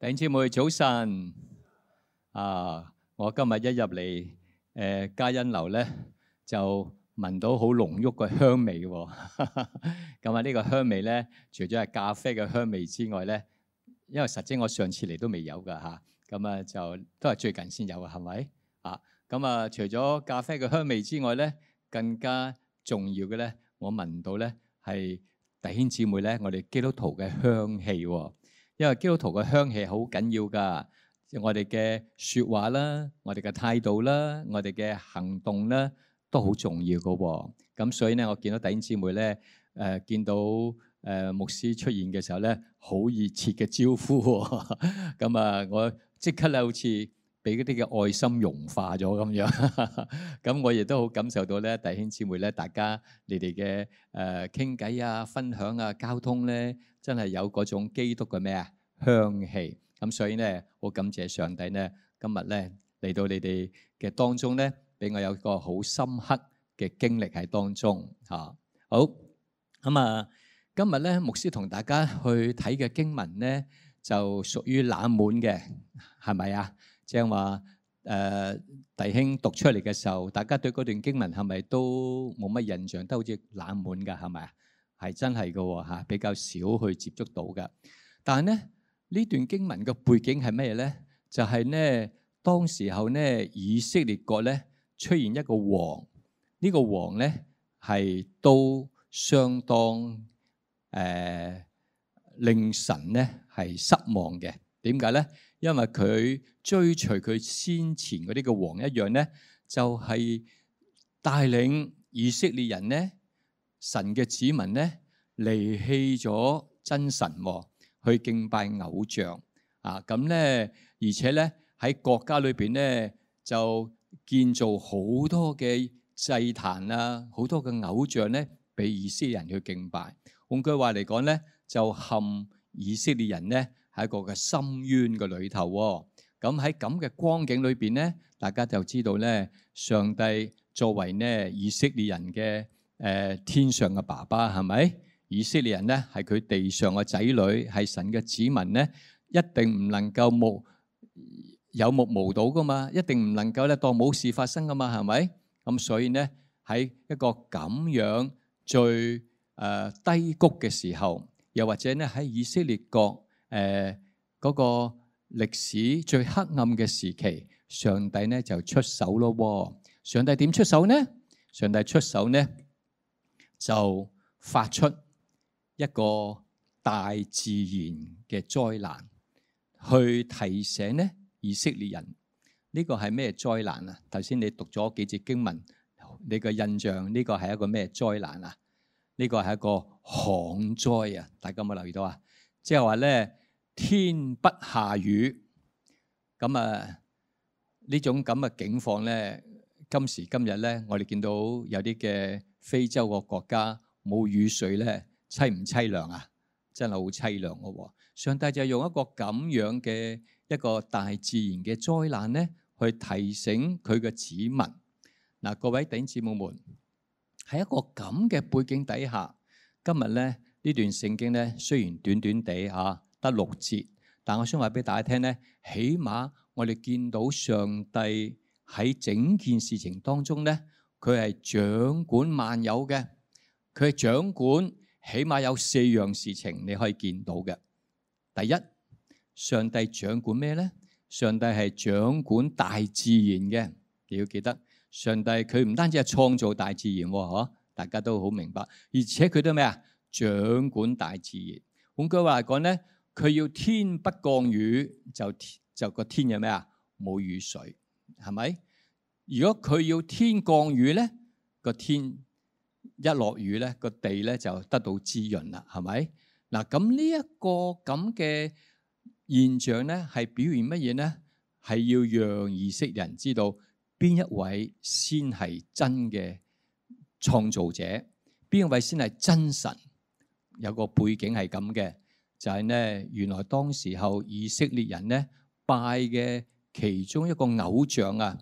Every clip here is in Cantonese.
弟兄姊妹早晨，啊！我今日一入嚟，誒加恩樓咧就聞到好濃郁嘅香味，咁啊呢個香味咧，除咗係咖啡嘅香味之外咧，因為實際我上次嚟都未有噶吓，咁啊就都係最近先有嘅係咪？啊！咁啊除咗咖啡嘅香味之外咧，更加重要嘅咧，我聞到咧係弟兄姊妹咧，我哋基督徒嘅香氣。因為基督徒嘅香氣好緊要㗎，我哋嘅説話啦，我哋嘅態度啦，我哋嘅行動啦，都好重要嘅喎、哦。咁所以呢，我見到弟兄姊妹咧，誒、呃、見到誒、呃、牧師出現嘅時候咧、哦 嗯，好熱切嘅招呼喎。咁啊，我即刻咧好似～俾嗰啲嘅愛心融化咗咁樣，咁我亦都好感受到咧，弟兄姊妹咧，大家你哋嘅，誒，傾偈啊、分享啊、交通咧，真係有嗰種基督嘅咩啊香氣。咁所以咧，好感謝上帝咧，今日咧嚟到你哋嘅當中咧，俾我有個好深刻嘅經歷喺當中吓。好，咁啊，今日咧牧師同大家去睇嘅經文咧，就屬於冷門嘅，係咪啊？即係話，誒，弟兄讀出嚟嘅時候，大家對嗰段經文係咪都冇乜印象，都好似冷門噶，係咪啊？係真係噶吓，比較少去接觸到噶。但係咧，呢段經文嘅背景係咩咧？就係咧，當時候咧，以色列國咧出現一個王，呢個王咧係都相當誒令神咧係失望嘅。點解咧？因為佢追隨佢先前嗰啲個王一樣咧，就係帶領以色列人咧，神嘅子民咧，離棄咗真神，去敬拜偶像啊！咁咧，而且咧喺國家裏邊咧，就建造好多嘅祭壇啊，好多嘅偶像咧，俾以色列人去敬拜。換句話嚟講咧，就陷以色列人咧。喺一個嘅深淵嘅裏頭，咁喺咁嘅光景裏邊咧，大家就知道咧，上帝作為咧以色列人嘅誒天上嘅爸爸，係咪？以色列人咧係佢地上嘅仔女，係神嘅子民咧，一定唔能夠目有目無睹㗎嘛，一定唔能夠咧當冇事發生㗎嘛，係咪？咁所以咧喺一個咁樣最誒低谷嘅時候，又或者咧喺以色列國。誒，嗰、呃那個歷史最黑暗嘅時期，上帝呢就出手咯。上帝點出手呢？上帝出手呢，就發出一個大自然嘅災難，去提醒呢以色列人。呢、這個係咩災難啊？頭先你讀咗幾節經文，你嘅印象呢、這個係一個咩災難啊？呢、這個係一個旱災啊！大家有冇留意到啊？即係話咧，天不下雨，咁啊這種這呢種咁嘅境況咧，今時今日咧，我哋見到有啲嘅非洲個國家冇雨水咧，淒唔淒涼啊？真係好淒涼個喎！上帝就用一個咁樣嘅一個大自然嘅災難咧，去提醒佢嘅子民嗱、啊，各位弟兄姊妹們，喺一個咁嘅背景底下，今日咧。呢段聖經咧，雖然短短地嚇得六節，但我想話俾大家聽咧，起碼我哋見到上帝喺整件事情當中咧，佢係掌管萬有嘅。佢係掌管，起碼有四樣事情你可以見到嘅。第一，上帝掌管咩咧？上帝係掌管大自然嘅。你要記得，上帝佢唔單止係創造大自然喎，嗬，大家都好明白。而且佢都咩啊？掌管大自然，換句話嚟講咧，佢要天不降雨就天就個天有咩啊？冇雨水係咪？如果佢要天降雨咧，個天一落雨咧，個地咧就得到滋潤啦，係咪？嗱、這個，咁呢一個咁嘅現象咧，係表現乜嘢咧？係要讓以色列人知道邊一位先係真嘅創造者，邊一位先係真神。有個背景係咁嘅，就係、是、咧，原來當時候以色列人咧拜嘅其中一個偶像啊，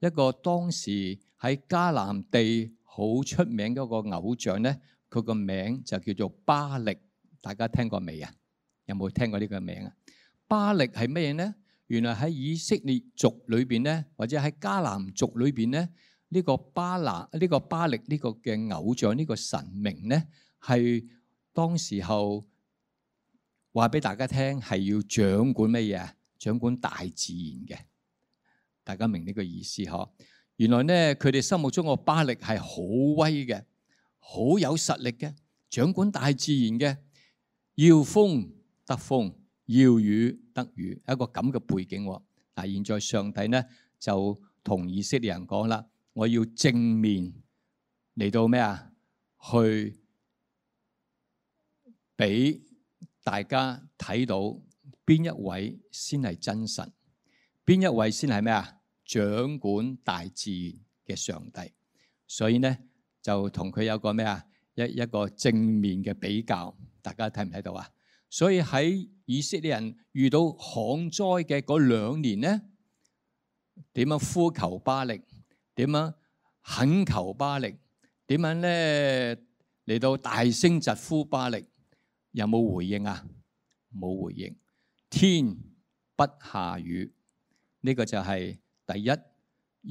一個當時喺迦南地好出名嘅個偶像咧，佢個名就叫做巴力。大家聽過未啊？有冇聽過呢個名啊？巴力係乜嘢咧？原來喺以色列族裏邊咧，或者喺迦南族裏邊咧，呢、這個巴拿呢、這個巴力呢個嘅偶像呢、這個神明咧係。當時候話俾大家聽，係要掌管乜嘢？掌管大自然嘅，大家明呢個意思嗬？原來咧，佢哋心目中個巴力係好威嘅，好有實力嘅，掌管大自然嘅，要風得風，要雨得雨，一個咁嘅背景。嗱，現在上帝咧就同以色列人講啦：我要正面嚟到咩啊？去。俾大家睇到邊一位先係真神，邊一位先係咩啊？掌管大自然嘅上帝。所以咧就同佢有個咩啊一一個正面嘅比較，大家睇唔睇到啊？所以喺以色列人遇到旱災嘅嗰兩年咧，點樣呼求巴力？點樣懇求巴力？點樣咧嚟到大聲疾呼巴力？有冇回應啊？冇回應。天不下雨，呢個就係第一，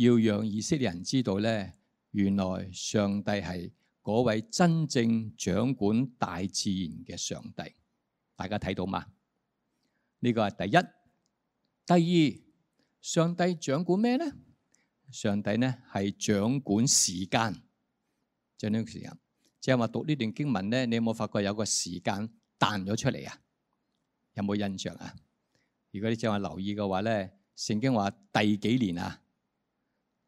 要讓以色列人知道咧，原來上帝係嗰位真正掌管大自然嘅上帝。大家睇到嘛？呢個係第一，第二，上帝掌管咩咧？上帝呢係掌管時間，就呢個時間。即係話讀呢段經文咧，你有冇發覺有個時間彈咗出嚟啊？有冇印象啊？如果你正話留意嘅話咧，聖經話第幾年啊？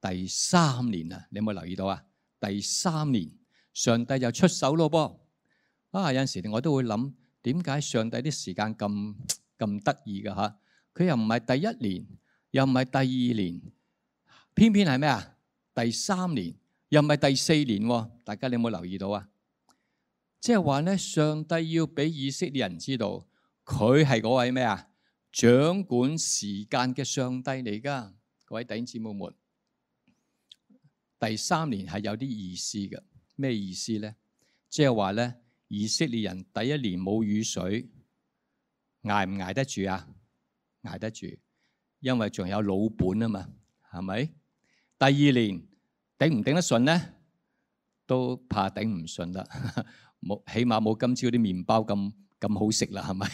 第三年啊，你有冇留意到啊？第三年，上帝就出手咯噃。啊，有陣時我都會諗，點解上帝啲時間咁咁得意嘅吓？佢又唔係第一年，又唔係第二年，偏偏係咩啊？第三年。又唔係第四年，大家你有冇留意到啊？即係話咧，上帝要俾以色列人知道，佢係嗰位咩啊？掌管時間嘅上帝嚟噶，各位弟兄姊妹們。第三年係有啲意思嘅，咩意思咧？即係話咧，以色列人第一年冇雨水，挨唔挨得住啊？挨得住，因為仲有老本啊嘛，係咪？第二年。頂唔頂得順咧，都怕頂唔順啦。冇 起碼冇今朝啲麵包咁咁好食啦，係咪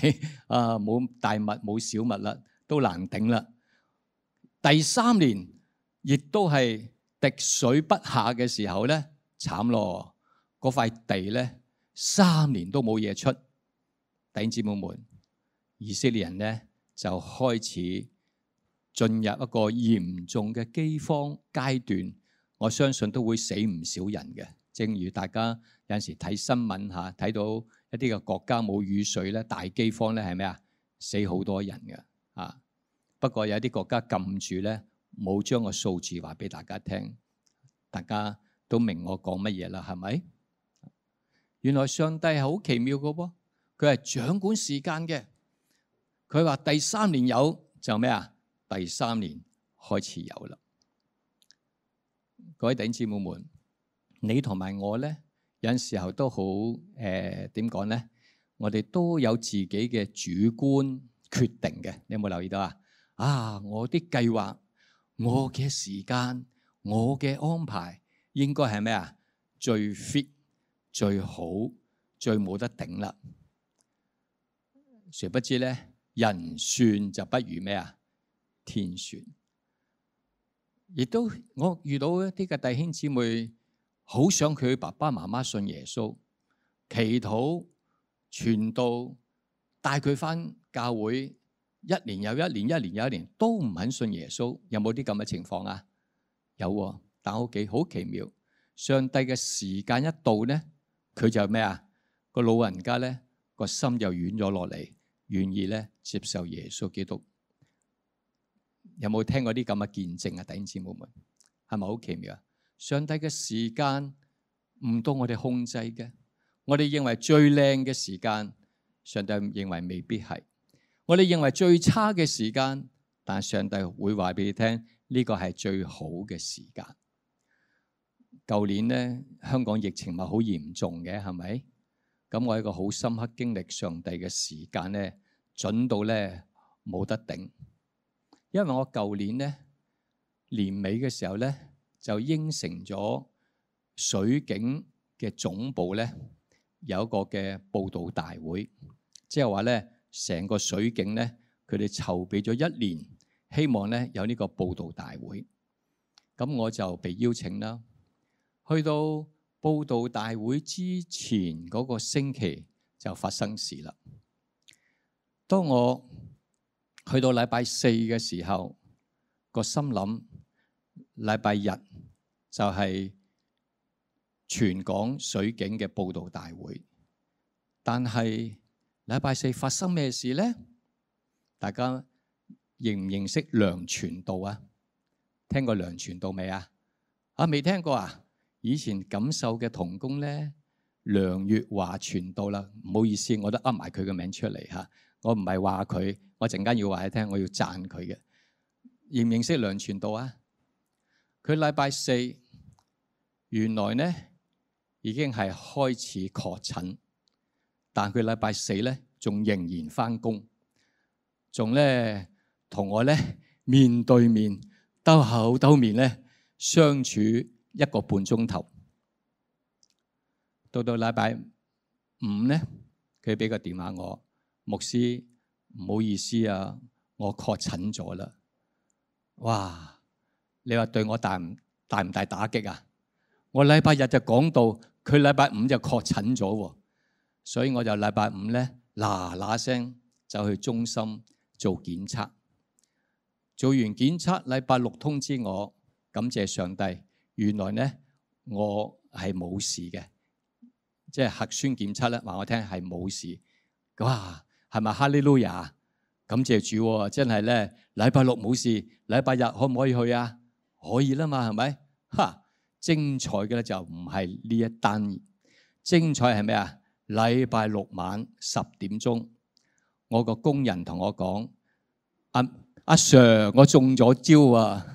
啊？冇大物冇小物啦，都難頂啦。第三年亦都係滴水不下嘅時候咧，慘咯！嗰塊地咧，三年都冇嘢出，弟兄姊妹們，以色列人咧就開始進入一個嚴重嘅饑荒階段。我相信都會死唔少人嘅，正如大家有陣時睇新聞嚇，睇到一啲嘅國家冇雨水咧，大饑荒咧，係咩啊？死好多人嘅啊！不過有啲國家撳住咧，冇將個數字話俾大家聽，大家都明我講乜嘢啦？係咪？原來上帝係好奇妙嘅噃，佢係掌管時間嘅。佢話第三年有就咩啊？第三年開始有啦。各位弟兄姊妹們，你同埋我咧，有時候都好誒，點講咧？我哋都有自己嘅主觀決定嘅，你有冇留意到啊？啊，我啲計劃、我嘅時間、我嘅安排，應該係咩啊？最 fit、最好、最冇得頂啦！誰不知咧，人算就不如咩啊？天算。亦都我遇到一啲嘅弟兄姊妹，好想佢爸爸媽媽信耶穌，祈禱傳道，帶佢翻教會，一年又一年，一年又一年，都唔肯信耶穌，有冇啲咁嘅情況啊？有，但我幾好奇妙。上帝嘅時間一到呢，佢就咩啊？個老人家呢個心就軟咗落嚟，願意呢接受耶穌基督。有冇聽過啲咁嘅見證啊，弟兄姊妹們，係咪好奇妙啊？上帝嘅時間唔到我哋控制嘅，我哋認為最靚嘅時間，上帝認為未必係；我哋認為最差嘅時間，但上帝會話俾你聽，呢個係最好嘅時間。舊年咧，香港疫情咪好嚴重嘅，係咪？咁我一個好深刻經歷，上帝嘅時間咧，準到咧冇得頂。因為我舊年咧年尾嘅時候咧，就應承咗水警嘅總部咧有一個嘅報導大會，即係話咧成個水警咧佢哋籌備咗一年，希望咧有呢個報導大會，咁我就被邀請啦。去到報導大會之前嗰個星期就發生事啦。當我去到禮拜四嘅時候，個心諗禮拜日就係全港水警嘅佈道大會，但係禮拜四發生咩事咧？大家認唔認識梁傳道啊？聽過梁傳道未啊？啊，未聽過啊？以前錦繡嘅童工咧，梁月華傳道啦。唔好意思，我都噏埋佢嘅名出嚟嚇。我唔係話佢，我陣間要話你聽，我要讚佢嘅。認唔認識梁全道啊？佢禮拜四原來呢已經係開始確診，但佢禮拜四咧仲仍然返工，仲咧同我咧面對面兜口兜面咧相處一個半鐘頭。到到禮拜五咧，佢俾個電話我。牧師唔好意思啊，我確診咗啦！哇，你話，對我大唔大唔大打擊啊？我禮拜日就講到，佢禮拜五就確診咗，所以我就禮拜五咧嗱嗱聲就去中心做檢測。做完檢測，禮拜六通知我，感謝上帝，原來呢我係冇事嘅，即係核酸檢測咧話我聽係冇事，哇！係咪哈利路亞？是是 Hallelujah. 感謝主、啊，真係咧禮拜六冇事，禮拜日可唔可以去啊？可以啦嘛，係咪？哈，精彩嘅咧就唔係呢一單，精彩係咩啊？禮拜六晚十點鐘，我個工人同我講：阿阿 Sir，我中咗招啊！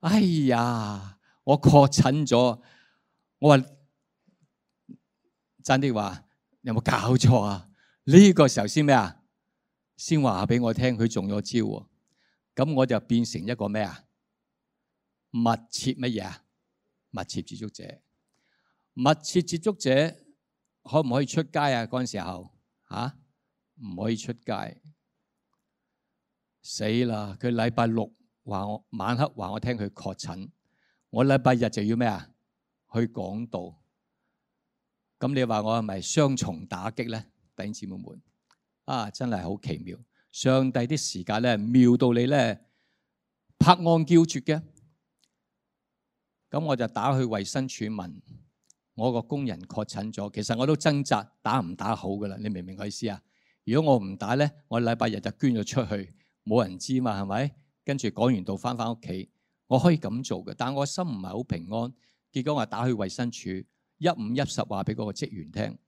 哎呀，我確診咗。我話真的話，有冇搞錯啊？呢個時候先咩啊？先話俾我聽，佢中咗招喎，咁我就變成一個咩啊？密切乜嘢啊？密切接觸者，密切接觸者可唔可以出街啊？嗰陣時候啊，唔可以出街，死啦！佢禮拜六話我晚黑話我聽佢確診，我禮拜日就要咩啊？去講道，咁你話我係咪雙重打擊咧？弟兄姊妹們，啊，真係好奇妙！上帝啲時間咧，妙到你咧拍案叫絕嘅。咁我就打去衛生署問，我個工人確診咗。其實我都掙扎打唔打好噶啦，你明唔明我意思啊？如果我唔打咧，我禮拜日就捐咗出去，冇人知嘛，係咪？跟住講完道翻翻屋企，我可以咁做嘅，但我心唔係好平安。結果我打去衛生署，一五一十話俾嗰個職員聽。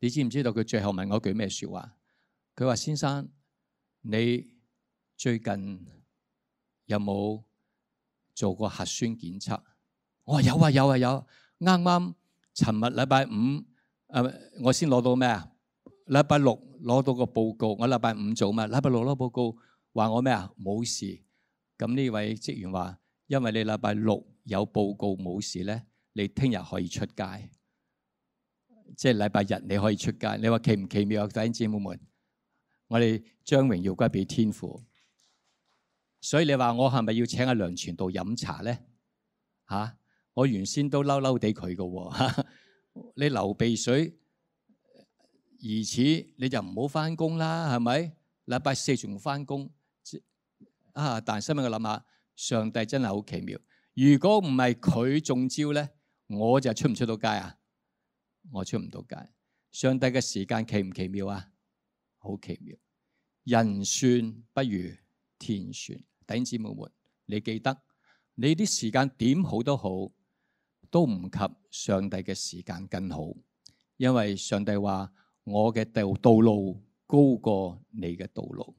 你知唔知道佢最後問我句咩説話？佢話：先生，你最近有冇做過核酸檢測？我、哦、話有啊有啊有。啱啱尋日禮拜五，呃、我先攞到咩啊？禮拜六攞到個報告。我禮拜五做嘛，禮拜六攞報告說我咩，話我咩啊？冇事。咁呢位職員話：因為你禮拜六有報告冇事咧，你聽日可以出街。即係禮拜日你可以出街，你話奇唔奇妙啊？弟兄姊妹們，我哋將榮耀歸俾天父。所以你話我係咪要請阿梁全道飲茶咧？吓、啊，我原先都嬲嬲地佢㗎，你流鼻水，而此你就唔好翻工啦，係咪？禮拜四仲翻工，啊！但係新聞我諗下，上帝真係好奇妙。如果唔係佢中招咧，我就出唔出到街啊？我出唔到街，上帝嘅時間奇唔奇妙啊？好奇妙，人算不如天算。弟兄姊妹們，你記得，你啲時間點好都好，都唔及上帝嘅時間更好。因為上帝話：我嘅道道路高過你嘅道路，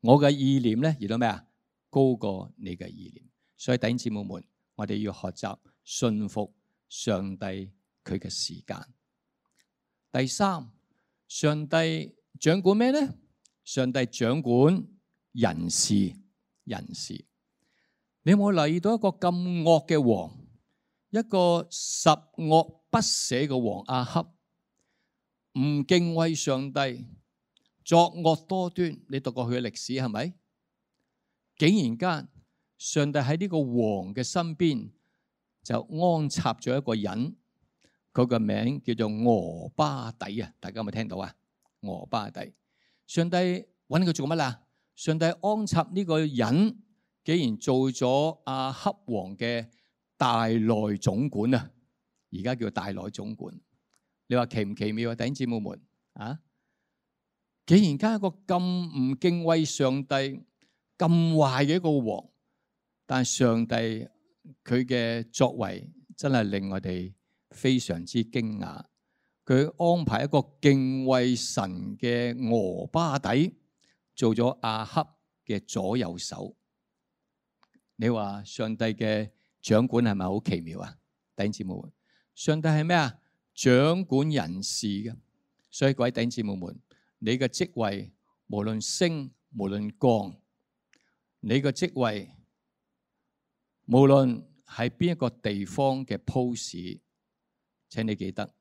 我嘅意念咧，而到咩啊？高過你嘅意念。所以弟兄姊妹們，我哋要學習信服上帝。佢嘅時間。第三，上帝掌管咩咧？上帝掌管人事，人事。你有冇留意到一個咁惡嘅王，一個十惡不赦嘅王亞哈，唔敬畏上帝，作惡多端。你讀過佢嘅歷史係咪？竟然間上帝喺呢個王嘅身邊就安插咗一個人。佢個名叫做俄巴底啊！大家有冇聽到啊？俄巴底，上帝揾佢做乜啊？上帝安插呢個人，竟然做咗亞哈王嘅大內總管啊！而家叫大內總管，你話奇唔奇妙啊？弟兄姊妹們啊，竟然家一個咁唔敬畏上帝、咁壞嘅一個王，但係上帝佢嘅作為真係令我哋。非常之驚訝，佢安排一個敬畏神嘅俄巴底做咗亞哈嘅左右手。你話上帝嘅掌管係咪好奇妙啊？弟兄姊妹，上帝係咩啊？掌管人事嘅，所以各位弟兄姊妹，你嘅職位無論升無論降，你嘅職位無論喺邊一個地方嘅 post。請你記得，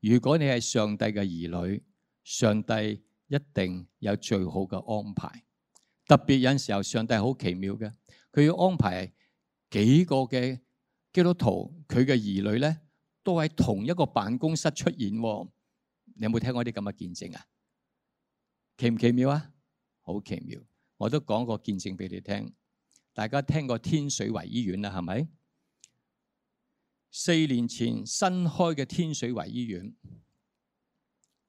如果你係上帝嘅兒女，上帝一定有最好嘅安排。特別有時候，上帝好奇妙嘅，佢要安排幾個嘅基督徒，佢嘅兒女咧，都喺同一個辦公室出現。你有冇聽過啲咁嘅見證啊？奇唔奇妙啊？好奇妙！我都講過見證俾你聽，大家聽過天水圍醫院啦，係咪？四年前新開嘅天水圍醫院，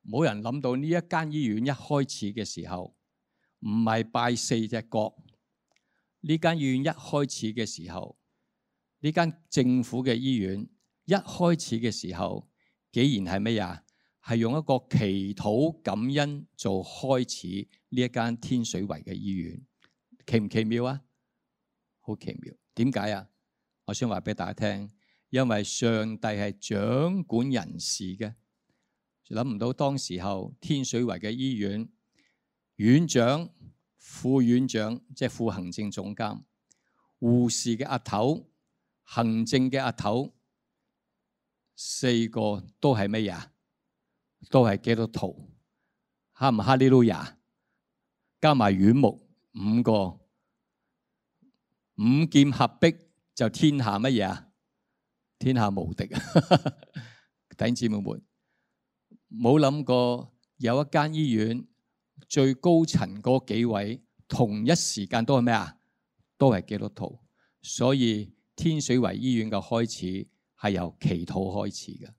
冇人諗到呢一間醫院一開始嘅時候唔係拜四隻角，呢間醫院一開始嘅時候，呢間政府嘅醫院一開始嘅時候，竟然係咩呀？係用一個祈禱感恩做開始，呢一間天水圍嘅醫院，奇唔奇妙啊？好奇妙。點解啊？我想話俾大家聽。因為上帝係掌管人事嘅，諗唔到當時候天水圍嘅醫院院長、副院長即係副行政總監、護士嘅阿頭、行政嘅阿頭，四個都係乜嘢？都係基督徒？吓唔吓呢？哈利路亞？加埋院牧，五個，五劍合璧就天下乜嘢天下無敵， 弟兄姊妹們，冇諗過有一間醫院最高層嗰幾位同一時間都係咩啊？都係基督徒。所以天水圍醫院嘅開始係由祈禱開始嘅，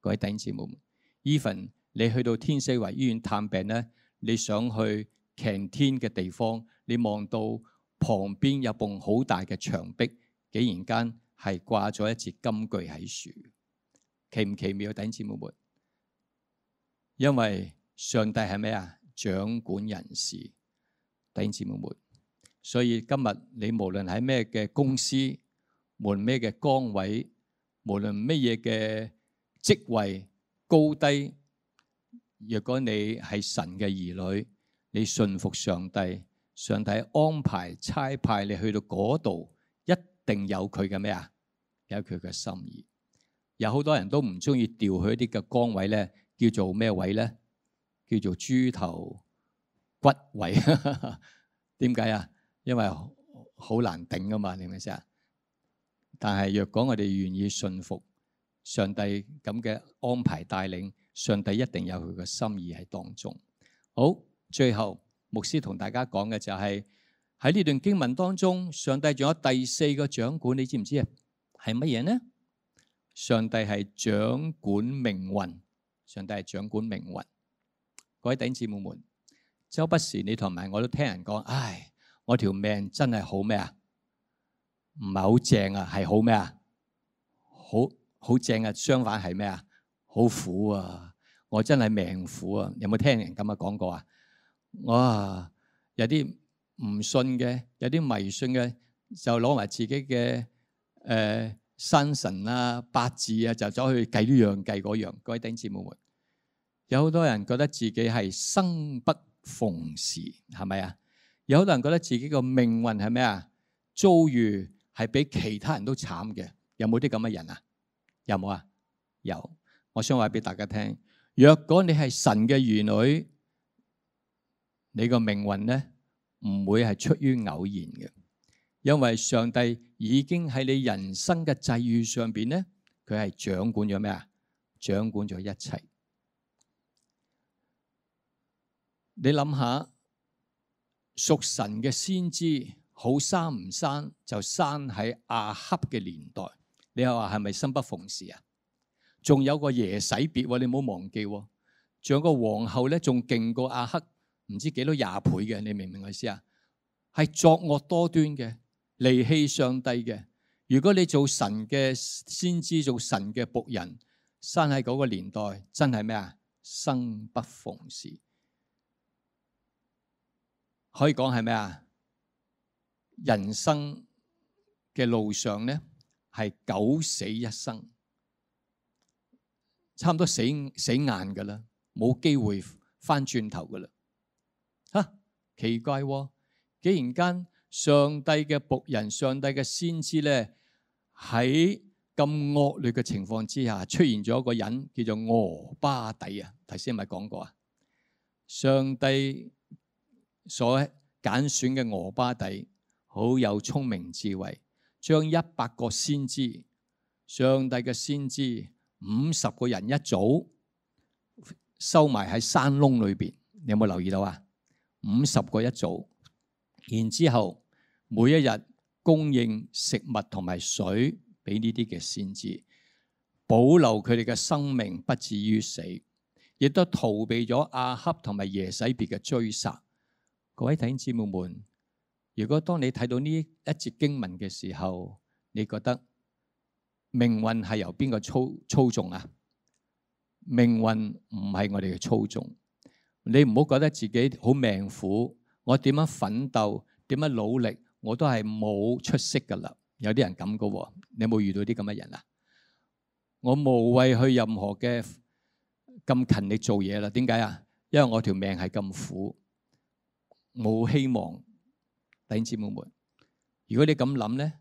各位弟兄姊妹們，even 你去到天水圍醫院探病咧，你想去擎天嘅地方，你望到旁邊有棟好大嘅牆壁，竟然間，係掛咗一節金句喺樹，奇唔奇妙？弟兄姊妹們，因為上帝係咩啊？掌管人事，弟兄姊妹們。所以今日你無論喺咩嘅公司，無論咩嘅崗位，無論乜嘢嘅職位高低，若果你係神嘅兒女，你信服上帝，上帝安排差派你去到嗰度。定有佢嘅咩啊？有佢嘅心意，有好多人都唔中意調去一啲嘅崗位咧，叫做咩位咧？叫做豬頭骨位。點解啊？因為好難頂噶嘛，明唔明先啊？但係若果我哋願意信服上帝咁嘅安排帶領，上帝一定有佢嘅心意喺當中。好，最後牧師同大家講嘅就係。喺呢段經文當中，上帝仲有第四個掌管，你知唔知啊？係乜嘢呢？上帝係掌管命運，上帝係掌管命運。各位弟兄姊妹們，周不時你同埋我都聽人講，唉，我條命真係好咩啊？唔係好正啊，係好咩啊？好好正啊，相反係咩啊？好苦啊，我真係命苦啊。有冇聽人咁啊講過啊？我有啲。唔信嘅，有啲迷信嘅，就攞埋自己嘅誒山神啊、八字啊，就走去計呢樣計嗰樣。各位弟兄姊妹們，有好多人覺得自己係生不逢時，係咪啊？有好多人覺得自己嘅命運係咩啊？遭遇，係比其他人都慘嘅，有冇啲咁嘅人啊？有冇啊？有。我想話俾大家聽，若果你係神嘅兒女，你個命運咧？唔會係出於偶然嘅，因為上帝已經喺你人生嘅際遇上邊咧，佢係掌管咗咩啊？掌管咗一切。你諗下，屬神嘅先知好生唔生就生喺亞哈嘅年代。你話係咪生不逢時啊？仲有個耶洗別，你唔好忘記。仲有個皇后咧，仲勁過亞哈。唔知幾多廿倍嘅，你明唔明我意思啊？係作惡多端嘅，離棄上帝嘅。如果你做神嘅，先知做神嘅僕人，生喺嗰個年代，真係咩啊？生不逢時，可以講係咩啊？人生嘅路上咧，係九死一生，差唔多死死硬噶啦，冇機會翻轉頭噶啦。吓，奇怪喎、哦！竟然間上帝嘅僕人、上帝嘅先知咧，喺咁惡劣嘅情況之下，出現咗一個人叫做俄巴底啊。頭先唔係咪講過啊，上帝所揀選嘅俄巴底好有聰明智慧，將一百個先知、上帝嘅先知五十個人一組收埋喺山窿裏邊。你有冇留意到啊？五十個一組，然之後每一日供應食物同埋水俾呢啲嘅先知，保留佢哋嘅生命不至於死，亦都逃避咗亞哈同埋耶洗別嘅追殺。各位弟兄姊妹們，如果當你睇到呢一節經文嘅時候，你覺得命運係由邊個操操，操縱啊？命運唔係我哋嘅操縱。你唔好覺得自己好命苦，我點樣奮鬥、點樣努力，我都係冇出息噶啦。有啲人咁噶喎，你有冇遇到啲咁嘅人啊？我無謂去任何嘅咁勤力做嘢啦。點解啊？因為我條命係咁苦，冇希望。弟兄姊妹們，如果你咁諗咧，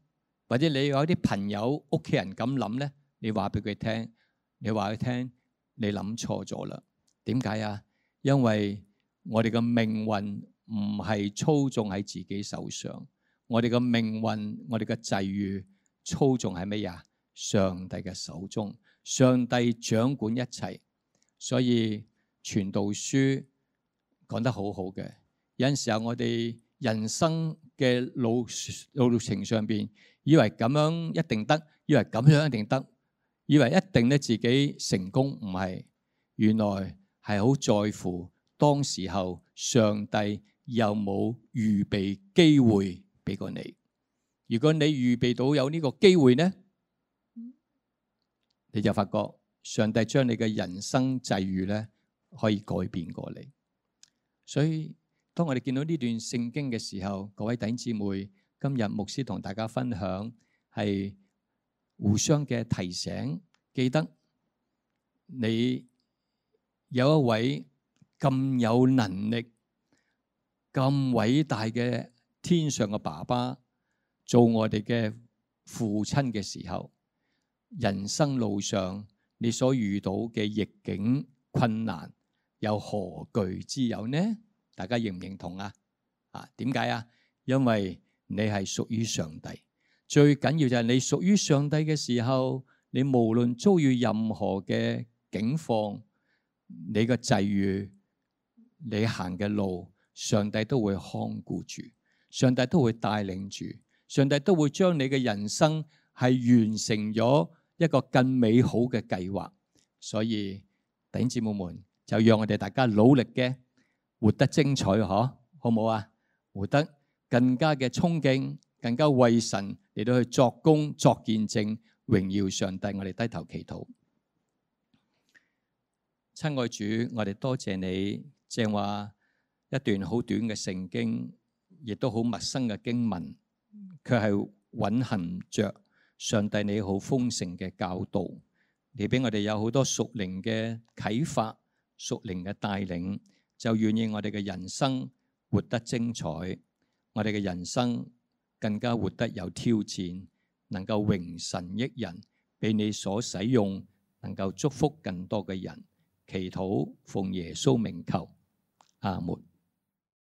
或者你有一啲朋友、屋企人咁諗咧，你話俾佢聽，你話佢聽，你諗錯咗啦。點解啊？因為我哋嘅命運唔係操縱喺自己手上，我哋嘅命運、我哋嘅際遇操縱喺咩嘢？上帝嘅手中，上帝掌管一切。所以《傳道書》講得好好嘅，有陣時候我哋人生嘅路，路路程上面，以為咁樣一定得，以為咁樣一定得，以為一定咧自己成功唔係，原來。係好在乎當時候，上帝有冇預備機會俾過你。如果你預備到有呢個機會呢，你就發覺上帝將你嘅人生際遇咧可以改變過嚟。所以當我哋見到呢段聖經嘅時候，各位弟兄姊妹，今日牧師同大家分享係互相嘅提醒，記得你。有一位咁有能力、咁偉大嘅天上嘅爸爸做我哋嘅父親嘅時候，人生路上你所遇到嘅逆境困難，又何懼之有呢？大家認唔認同啊？啊，點解啊？因為你係屬於上帝，最緊要就係你屬於上帝嘅時候，你無論遭遇任何嘅境況。你嘅際遇，你行嘅路，上帝都會看顧住，上帝都會帶領住，上帝都會將你嘅人生係完成咗一個更美好嘅計劃。所以弟兄姊妹們，就讓我哋大家努力嘅活得精彩，嗬，好唔好啊？活得更加嘅憧憬，更加為神嚟到去作工、作見證、榮耀上帝。我哋低頭祈禱。親愛主，我哋多謝你。正話一段好短嘅聖經，亦都好陌生嘅經文，卻係蘊含着上帝你好豐盛嘅教導。你俾我哋有好多屬靈嘅啟發、屬靈嘅帶領，就願意我哋嘅人生活得精彩，我哋嘅人生更加活得有挑戰，能夠榮神益人，俾你所使用，能夠祝福更多嘅人。祈禱，奉耶穌名求，阿門。